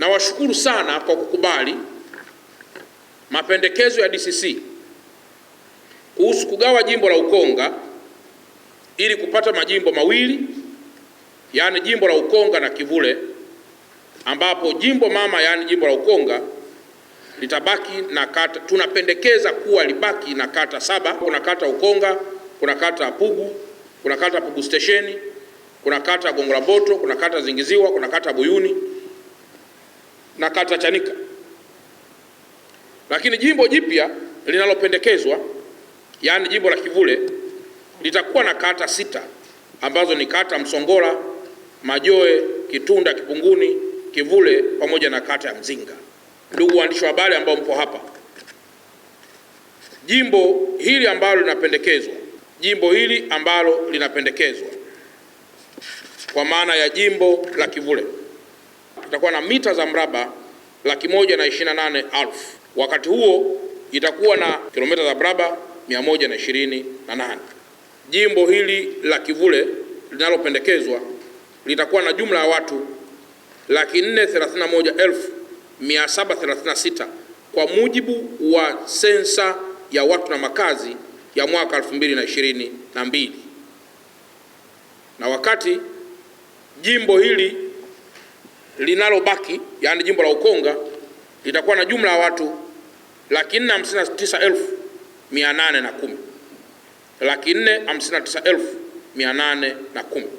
Nawashukuru sana kwa kukubali mapendekezo ya DCC kuhusu kugawa jimbo la Ukonga ili kupata majimbo mawili, yaani jimbo la Ukonga na Kivule, ambapo jimbo mama yaani jimbo la Ukonga litabaki na kata, tunapendekeza kuwa libaki na kata saba. Kuna kata Ukonga, kuna kata Pugu, kuna kata Pugu stesheni, kuna kata Gongola Mboto, kuna kata Zingiziwa, kuna kata Buyuni na kata Chanika. Lakini jimbo jipya linalopendekezwa, yaani jimbo la Kivule, litakuwa na kata sita ambazo ni kata Msongola, Majoe, Kitunda, Kipunguni, Kivule pamoja na kata ya Mzinga. Ndugu waandishi wa habari ambao mpo hapa, jimbo hili ambalo linapendekezwa, jimbo hili ambalo linapendekezwa kwa maana ya jimbo la Kivule litakuwa na mita za mraba laki moja na ishirini na nane elfu. Wakati huo itakuwa na kilomita za mraba mia moja na ishirini na nane. Jimbo hili la Kivule linalopendekezwa litakuwa na jumla ya watu laki nne thelathini na moja elfu mia saba thelathini na sita kwa mujibu wa sensa ya watu na makazi ya mwaka elfu mbili na ishirini na mbili na wakati jimbo hili linalobaki yaani jimbo la Ukonga litakuwa na jumla ya watu laki nne hamsini na tisa elfu mia nane na kumi laki nne hamsini na tisa elfu mia nane na kumi